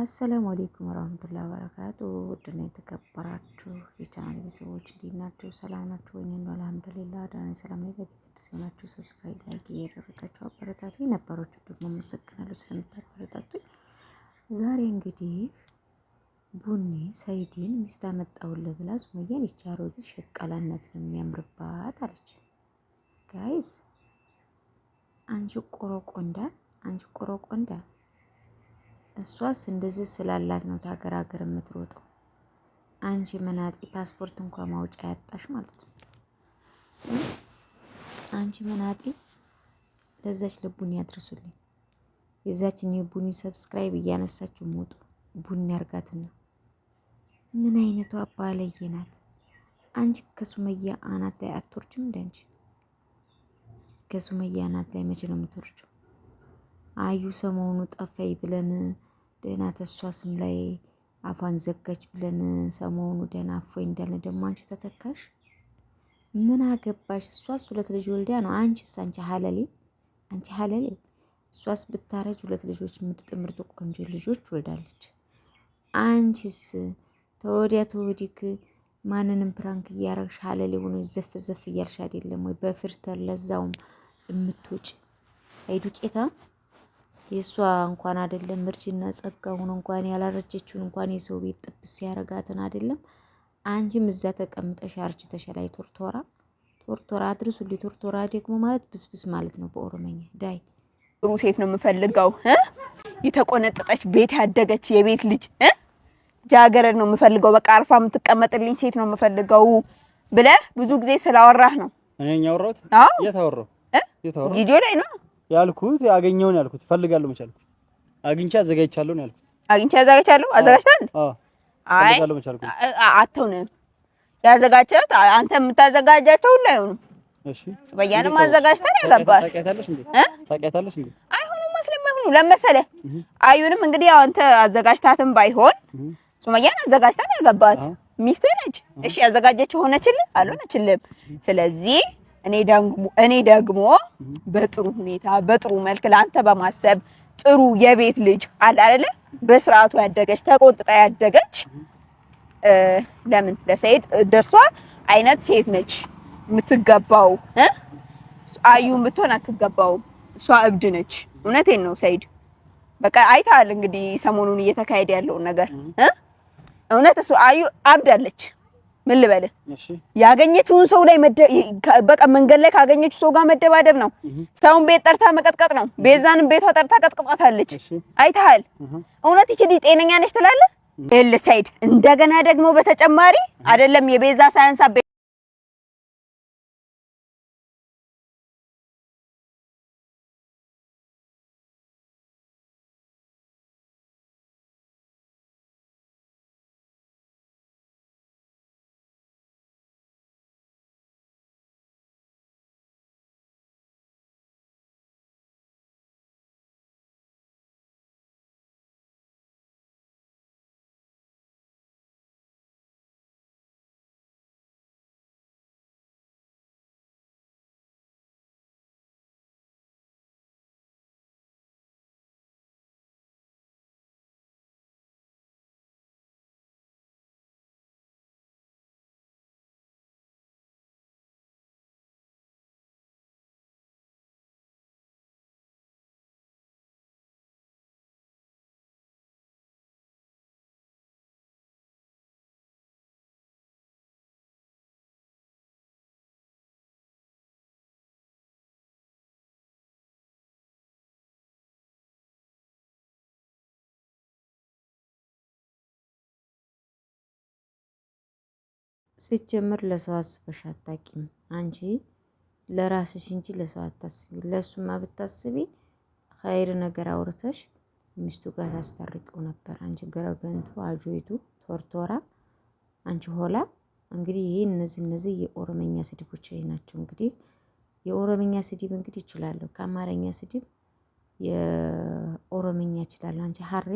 አሰላሙ አሌይኩም ወራህመቱላሂ ወበረካቱ ውድና የተከበራችሁ የቻናል ቤተሰቦች እንዴት ናችሁ? ሰላም ናችሁ ወይ? ነው አልሐምዱሊላህ ደህና ሰላም ላይ በፊት አዲስ የሆናችሁ ሰብስክራይብ ላይክ እያደረጋችሁ አበረታቱ። የነበራችሁ ደግሞ አመሰግናለሁ ስለምታበረታቱ። ዛሬ እንግዲህ ቡኒ ሰይድን ሚስት አመጣሁልህ ብላ ሱመያን ይቺ አሮጊት ሸቀላነት ነው የሚያምርባት አለች። ጋይዝ አንቺ ቆሮቆንዳ፣ አንቺ ቆሮቆንዳ እሷስ እንደዚህ ስላላት ነው ታገር ሀገር የምትሮጠው። አንቺ መናጢ ፓስፖርት እንኳን ማውጫ ያጣሽ ማለት ነው። አንቺ መናጢ ለዛች ለቡኒ ያድርሱልኝ። የዛችን የቡኒ ሰብስክራይብ እያነሳችሁ ሞጡ። ቡኒ አርጋትና ምን አይነቷ አባለየ ናት። አንቺ ከሱመያ አናት ላይ አትወርጅም እንደ አንቺ ከሱመያ አናት ላይ መቼ ነው የምትወርጅው? አዩ ሰሞኑ ጠፋይ ብለን ደህና ተሷ ስም ላይ አፏን ዘጋች ብለን ሰሞኑ ደህና አፎ እንዳለ ደግሞ አንቺ ተተካሽ። ምን አገባሽ? እሷስ ሁለት ልጅ ወልዲያ ነው። አንቺስ አንቺ ሀለሌ አንቺ ሀለሌ። እሷስ ብታረጅ ሁለት ልጆች ምርጥ ምርጥ ቆንጆ ልጆች ወልዳለች። አንቺስ ተወዲያ ተወዲክ ማንንም ፕራንክ እያረግሽ ሀለሌ ሆኖ ዘፍ ዘፍ እያልሽ አይደለም ወይ? በፍርተር ለዛውም የምትውጭ አይዱቄታ የእሷ እንኳን አይደለም እርጅና ጸጋ ሆኖ እንኳን ያላረጀችውን እንኳን የሰው ቤት ጥብስ ያረጋትን አይደለም አንቺም እዛ ተቀምጠሽ አርጅተሽ ላይ ቶርቶራ ቶርቶራ አድርሱልኝ። ቶርቶራ ደግሞ ማለት ብስብስ ማለት ነው በኦሮመኛ ዳይ ጥሩ ሴት ነው የምፈልገው። የተቆነጠጠች ቤት ያደገች የቤት ልጅ ጃገረድ ነው የምፈልገው። በቃ አርፋ የምትቀመጥልኝ ሴት ነው የምፈልገው ብለህ ብዙ ጊዜ ስላወራህ ነው እኔ ያወራሁት። ቪዲዮ ላይ ነው ያልኩት ያገኘውን ያልኩት ፈልጋለሁ መቻል አግኝቼ አዘጋጅቻለሁ ነው ያልኩት። አግኝቼ አዘጋጅቻለሁ አዘጋጅታል። አይ ፈልጋለሁ መቻል አትሆንም። ያዘጋጀሁት አንተ የምታዘጋጃቸው ሁሉ አይሆንም። እሺ ሱበያንም አዘጋጅተን ያገባል። ታውቂያታለሽ እንዴ? ታውቂያታለሽ እንዴ? አይሆንም መስለማሁ ለመሰለ አዩንም እንግዲህ አንተ አዘጋጅታትም ባይሆን ሱመያን አዘጋጅታን ያገባት ሚስቴ ነች። እሺ ያዘጋጀችው ሆነችልህ አልሆነችልህም። ስለዚህ እኔ ደግሞ በጥሩ ሁኔታ በጥሩ መልክ ለአንተ በማሰብ ጥሩ የቤት ልጅ አለ አይደለ፣ በስርዓቱ ያደገች ተቆጥጣ ያደገች ለምን ለሰይድ ደርሷ አይነት ሴት ነች የምትገባው። አዩ ብትሆን አትገባውም። እሷ እብድ ነች። እውነቴን ነው ሰይድ። በቃ አይተሃል እንግዲህ ሰሞኑን እየተካሄደ ያለውን ነገር እውነት እሱ አዩ አብዳለች። ምን ልበልህ፣ ያገኘችውን ሰው ላይ በቃ መንገድ ላይ ካገኘችው ሰው ጋር መደባደብ ነው። ሰውን ቤት ጠርታ መቀጥቀጥ ነው። ቤዛንም ቤቷ ጠርታ ቀጥቅጣታለች። አይተሃል። እውነት ይችል ጤነኛ ነች ትላለህ? ኤል ሳይድ እንደገና ደግሞ በተጨማሪ አይደለም የቤዛ ሳያንሳ ሲጀምር ለሰው አስበሽ አታቂም አንቺ ለራስሽ እንጂ ለሰው አታስቢ። ለእሱማ ብታስቢ ኸይር ነገር አውርተሽ ሚስቱ ጋር ታስታርቂው ነበር። አንቺ ገረገንቱ፣ አጆይቱ፣ ቶርቶራ አንቺ ሆላ። እንግዲህ ይህ እነዚህ እነዚህ የኦሮመኛ ስድቦች ናቸው። እንግዲህ የኦሮመኛ ስድብ እንግዲህ ይችላለሁ ከአማርኛ ስድብ የኦሮመኛ ይችላለሁ። አንቺ ሀሬ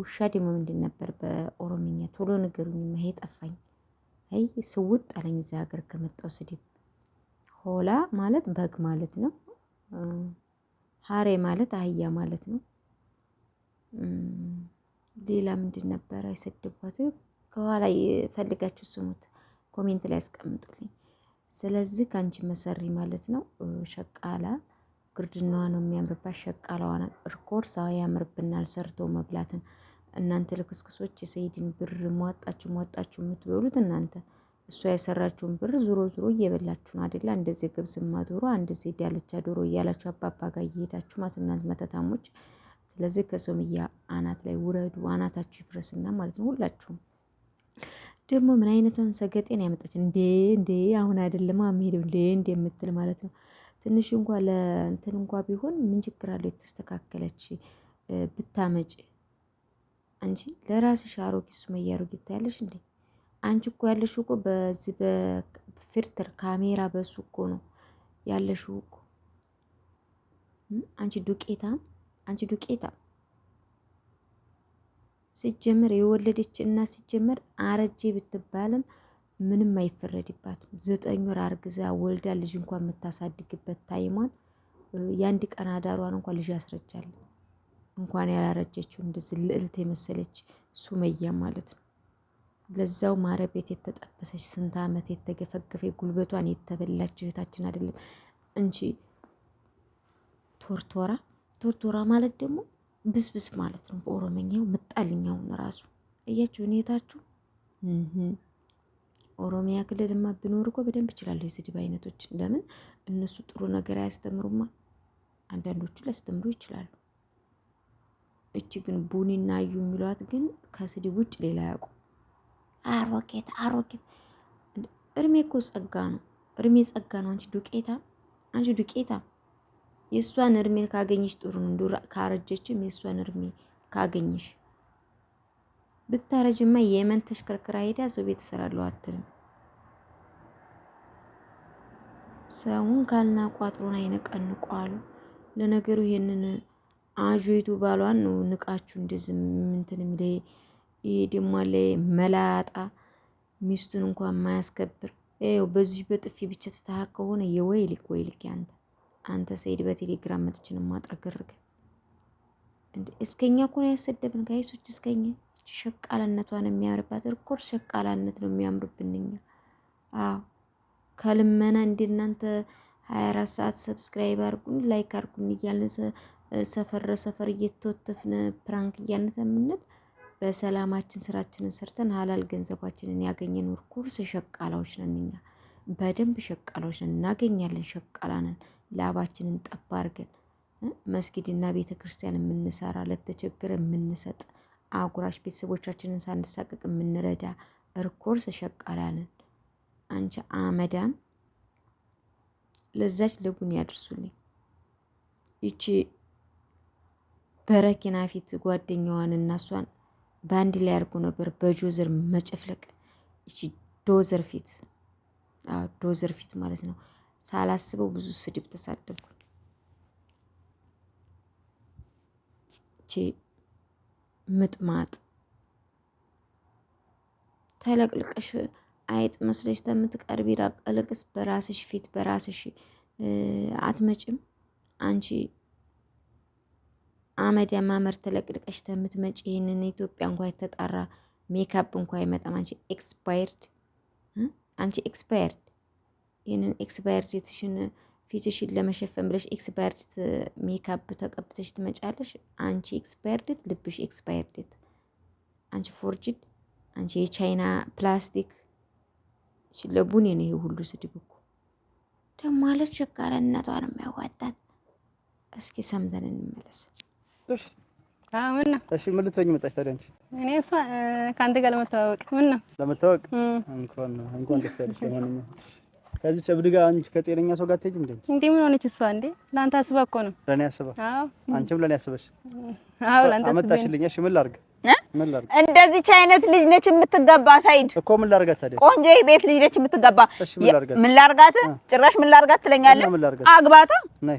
ውሻ ደግሞ ምንድን ነበር በኦሮመኛ? ቶሎ ንገሩኝ፣ ይሄ ጠፋኝ። አይ ስውጥ አለኝ እዚያ ሀገር ከመጣው ስድብ። ሆላ ማለት በግ ማለት ነው። ሀሬ ማለት አህያ ማለት ነው። ሌላ ምንድን ነበረ የሰደብኳት? ከኋላ ፈልጋችሁ ስሙት፣ ኮሜንት ላይ ያስቀምጡልኝ። ስለዚህ ከአንቺ መሰሪ ማለት ነው። ሸቃላ ግርድናዋ ነው የሚያምርባት። ሸቃላዋ ናት። ርኮርሳዋ ያምርብናል ሰርቶ መብላትን እናንተ ለክስክሶች የሰይድን ብር ሟጣችሁ ሟጣችሁ የምትበሉት እናንተ እሷ የሰራችውን ብር ዙሮ ዙሮ እየበላችሁ ነው አደለ? እንደዚህ ገብስማ ዶሮ፣ እንደዚህ ዳልቻ ዶሮ እያላችሁ አባባ ጋር እየሄዳችሁ ማለት እናንተ መተታሞች። ስለዚህ ከሰውምያ አናት ላይ ውረዱ፣ አናታችሁ ይፍረስና ማለት ነው። ሁላችሁም ደግሞ ምን አይነቷን ሰገጤን ያመጣች እንዴ! እንዴ! አሁን አይደለም የምሄደው እንዴ! እንዴ የምትል ማለት ነው። ትንሽ እንኳ ለእንትን እንኳ ቢሆን ምን ችግር አለው? የተስተካከለች ብታመጭ አንቺ ለራስሽ አሮጊት ሱመያ አሮጊት ታያለሽ እንዴ? አንቺ እኮ ያለሽው እኮ በዚህ በፊልተር ካሜራ በሱ እኮ ነው ያለሽው እኮ። አንቺ ዱቄታም አንቺ ዱቄታም ሲጀመር የወለደች እና ሲጀመር አረጄ ብትባልም ምንም አይፈረድባትም። ዘጠኝ ወር አርግዛ ወልዳ ልጅ እንኳን የምታሳድግበት ታይሟን የአንድ ቀን አዳሯን እንኳን ልጅ ያስረጃለሁ። እንኳን ያላረጀችው እንደዚህ ልዕልት የመሰለች ሱመያ ማለት ነው። ለዛው ማረቤት ቤት የተጠበሰች ስንት ዓመት የተገፈገፈ ጉልበቷን የተበላች እህታችን አይደለም እንቺ ቶርቶራ ቶርቶራ ማለት ደግሞ ብስብስ ማለት ነው በኦሮመኛው ምጣልኛውን ራሱ እያችሁ ሁኔታችሁ ኦሮሚያ ክልልማ ብኖር እኮ በደንብ ይችላለሁ የስድብ አይነቶች። ለምን እነሱ ጥሩ ነገር አያስተምሩማ። አንዳንዶቹ ሊያስተምሩ ይችላሉ። እቺ ግን ቡኒ እና አዩ የሚሏት ግን ከስድብ ውጭ ሌላ ያውቁ። አሮኬት አሮኬት እድሜ እኮ ጸጋ ነው። እድሜ ጸጋ ነው። አንቺ ዱቄታ፣ አንቺ ዱቄታ። የእሷን እድሜ ካገኘሽ ጥሩ ነው። ካረጀችም የእሷን እድሜ ካገኘሽ ብታረጅማ የመን ተሽከርክራ ሄዳ ሰው ቤት እሰራለሁ አትልም። ሰውን ካልና ካልናቋጥሮን አይነቀንቋሉ። ለነገሩ ይሄንን አጆይቱ ባሏን ነው ንቃችሁ እንደዚህ እንትን የሚለ ይሄ አለ መላጣ ሚስቱን እንኳን ማያስከብር ይኸው በዚህ በጥፊ ብቻ ተታሃ ከሆነ የወይልክ ወይልክ ያንተ አንተ ሰይድ በቴሌግራም መጥችን ማጥረግርግ እንደ እስከኛ እኮ ያሰደብን ጋይሶች። እስከኛ ሸቃላነቷን የሚያምርባት እርኮር ሸቃላነት ነው የሚያምርብን እኛ። አዎ ከልመና እንደናንተ 24 ሰዓት ሰብስክራይብ አርጉን ላይክ አርጉን እያልን ሰፈር ሰፈር እየተወተፍን ፕራንክ እያነተን የምንል በሰላማችን ስራችንን ሰርተን ሀላል ገንዘባችንን ያገኘን ርኩርስ ሸቃላዎች ነን። እኛ በደንብ ሸቃላዎች ነን፣ እናገኛለን። ሸቃላ ነን። ላባችንን ጠብ አርገን መስጊድና ቤተ ክርስቲያን የምንሰራ ለተቸገረ የምንሰጥ አጉራሽ ቤተሰቦቻችንን ሳንሳቀቅ የምንረዳ እርኮርስ ሸቃላ ነን። አንቺ አመዳም ለዛች ልቡን ያድርሱልኝ ይቺ በረኪና ፊት ጓደኛዋን እና እሷን በአንድ ላይ አድርጎ ነበር በጆዘር መጨፍለቅ። እቺ ዶዘር ፊት ዶዘር ፊት ማለት ነው። ሳላስበው ብዙ ስድብ ተሳደብኩ። እቺ ምጥማጥ ተለቅልቀሽ አይጥ መስለሽ ተምትቀርቢ ራቀለቅስ በራስሽ ፊት በራስሽ አትመጭም አንቺ አመዳማ ምርት ለቅልቀሽ ተምትመጪ ይህንን ኢትዮጵያ እንኳ የተጣራ ሜካፕ እንኳ አይመጣም። አንቺ ኤክስፓየርድ አንቺ ኤክስፓየርድ ይህንን ኤክስፓየርድ የትሽን ፊትሽን ለመሸፈን ብለሽ ኤክስፓየርድ ሜካፕ ተቀብተሽ ትመጫለሽ። አንቺ ኤክስፓየርድት፣ ልብሽ ኤክስፓየርድት፣ አንቺ ፎርጅድ፣ አንቺ የቻይና ፕላስቲክ ለቡኔ ነው ይሄ ሁሉ ስድብ እኮ ደግሞ አለች። ሸጋራ የሚያዋጣት እስኪ ሰምተን እንመለስ። ጡሽ ምን ነው? እሺ ምን መጣሽ ታዲያ አንቺ? እኔ እሷ ከአንተ ጋር ለመተዋወቅ ምን ነው ለመተዋወቅ እንኳን እንኳን ደስ ያለሽ። ለማንኛውም ከዚህ ጨብድ ጋር አንቺ ከጤነኛ ሰው ጋር አትሄጂም እንዴ? እንዴ ምን ሆነች እሷ? እንዴ ለአንተ አስባ እኮ ነው። ለእኔ አስባ? አዎ። አንቺም ለእኔ አስበሽ? አዎ። ለአንተ አስበሽ አመጣሽልኝ። እሺ ምን ላድርግ? ምን እንደዚች አይነት ልጅ ነች የምትገባ። ሳይድ እኮ ምን ላርጋት ታዲያ? ቆንጆ የቤት ልጅ ነች የምትገባ። ምን ላርጋት? ጭራሽ ምን ላርጋት ትለኛለህ? አግባታ ነይ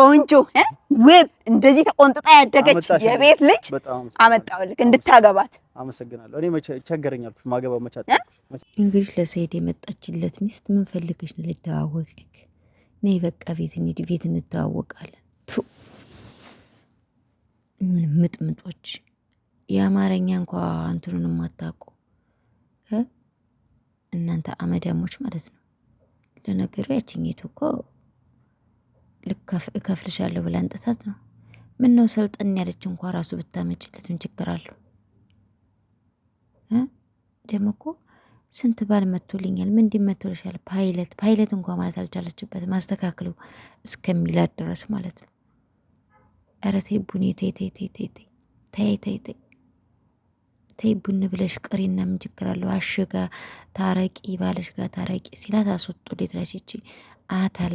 ቆንጆ ውብ እንደዚህ ተቆንጥጣ ያደገች የቤት ልጅ አመጣሁልህ እንድታገባት። አመሰግናለሁ። እኔ ቸገረኛል ማገባው መቻት። እንግዲህ ለሰይድ የመጣችለት ሚስት ምን ፈልገሽ ነው ልተዋወቅ? ነይ በቃ ቤት እንሂድ፣ ቤት እንተዋወቃለን። ምን ምጥምጦች የአማርኛ እንኳ እንትኑን የማታውቁ እናንተ አመዳሞች ማለት ነው። ለነገሩ ያችኝቱ እኮ እከፍልሻለሁ ብላ እንጥታት ነው። ምን ነው ሰልጠን ያለች እንኳ ራሱ ብታመጭለት ምን ችግር አለው? ደግሞ እኮ ስንት ባል መቶልኛል፣ ምን እንዲህ መቶልሻል፣ ፓይለት ፓይለት እንኳ ማለት አልቻለችበት ማስተካክሉ እስከሚላት ድረስ ማለት ነው። ኧረ ተይ ቡኒ ተይ ተይ ተይ ተይ ተይ ተይ ተይ ተይ ቡን ብለሽ ቅሪና ምን ችግር አለው? አሽጋ ታረቂ ባለሽ ጋር ታረቂ ሲላት አስወጡ ሌትራሽቺ አተላ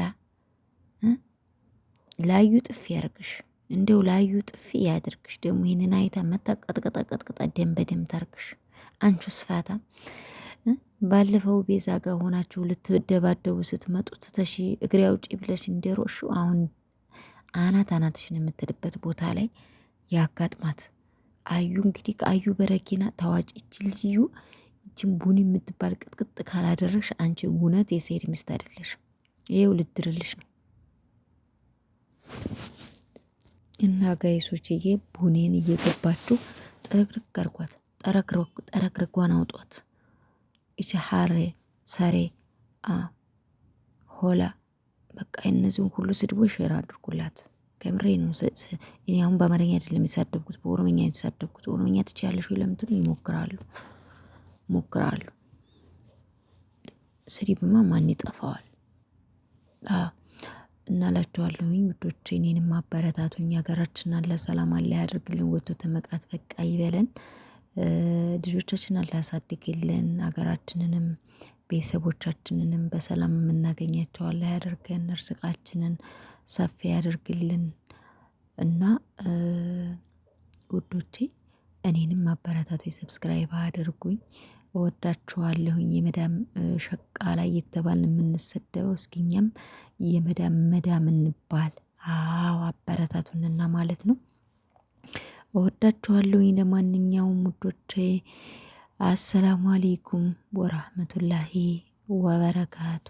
ላዩ ጥፊ ያርግሽ፣ እንደው ላዩ ጥፊ ያድርግሽ። ደግሞ ይህንን አይታ መታ ቀጥቀጠቀጥቅጣ ደም በደም ታርግሽ። አንቹ ስፋታ ባለፈው ቤዛ ጋር ሆናችሁ ልትደባደቡ ስትመጡ ትተሺ እግሬ አውጪ ብለሽ እንደሮሹ አሁን አናት አናትሽን የምትልበት ቦታ ላይ ያጋጥማት። አዩ እንግዲህ ከአዩ በረኪና ታዋጭ እች ልጅዩ እችን ቡኒ የምትባል ቅጥቅጥ ካላደረግሽ አንቺ እውነት የሴድ ሚስት አይደለሽ። ይኸው ልድርልሽ ነው። እና ጋይሶችዬ ቡኔን እየገባችሁ ጠረግረግ አርጓት፣ ጠረግረጓን አውጧት። ይቺ ሐሬ ሰሬ ሆላ በቃ እነዚህን ሁሉ ስድቦች ሼር አድርጉላት። ከምሬ ነው። እኔ አሁን በአማርኛ አይደለም የተሳደብኩት፣ በኦሮምኛ የተሳደብኩት። ኦሮምኛ ትችያለሽ ለምትሉ ይሞክራሉ ሞክራሉ። ስድብማ ማን ይጠፋዋል? እናላችኋለሁኝ ውዶች፣ እኔንም አበረታቱኝ። ሀገራችን አለ ሰላም አለ ያደርግልን፣ ወጥቶ ተመቅረት በቃ ይበለን። ልጆቻችን አለ ያሳድግልን፣ ሀገራችንንም ቤተሰቦቻችንንም በሰላም የምናገኛቸው አለ ያደርገን፣ እርስቃችንን ሰፊ ያደርግልን እና ውዶቼ እኔንም አበረታቱ፣ ሰብስክራይብ አድርጉኝ። እወዳችኋለሁኝ የመዳም ሸቃላ እየተባልን የምንሰደበው እስኪ እኛም የመዳም መዳም እንባል አዎ አበረታቱንና ማለት ነው። እወዳችኋለሁኝ ለማንኛውም ውዶቼ አሰላሙ አሌይኩም ወራህመቱላሂ ወበረካቱ